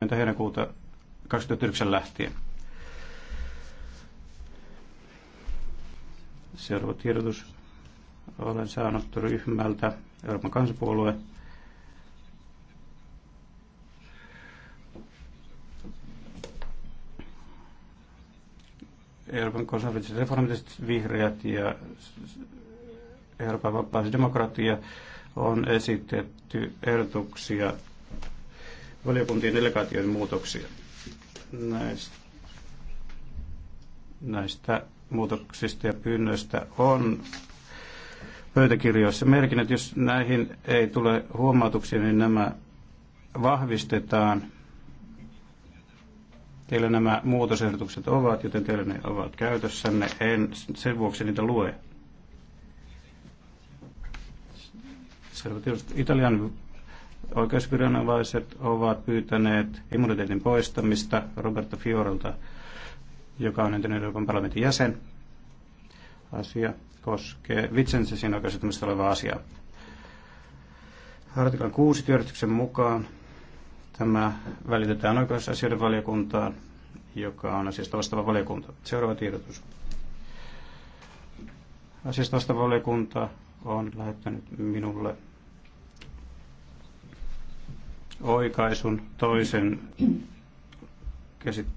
20. heinäkuuta 2009 lähtien. Seuraava tiedotus. Olen saanut ryhmältä Euroopan kansapuolue. Euroopan konservatiiviset reformiset vihreät ja Euroopan vapaus demokratia on esitetty ehdotuksia valiokuntien delegaatioiden muutoksia. Näistä, näistä muutoksista ja pyynnöistä on pöytäkirjoissa merkinnät. Jos näihin ei tule huomautuksia, niin nämä vahvistetaan. Teillä nämä muutosehdotukset ovat, joten teillä ne ovat käytössänne. En sen vuoksi niitä lue. Italian Oikeusviranomaiset ovat pyytäneet immuniteetin poistamista Roberto Fiorolta, joka on entinen Euroopan parlamentin jäsen. Asia koskee Vitsensesin oikeusasemasta olevaa asiaa. Artiklan 6 työjärjestyksen mukaan tämä välitetään oikeusasioiden valiokuntaan, joka on asiasta vastaava valiokunta. Seuraava tiedotus. Asiasta vastaava valiokunta on lähettänyt minulle oikaisun toisen käsittelyn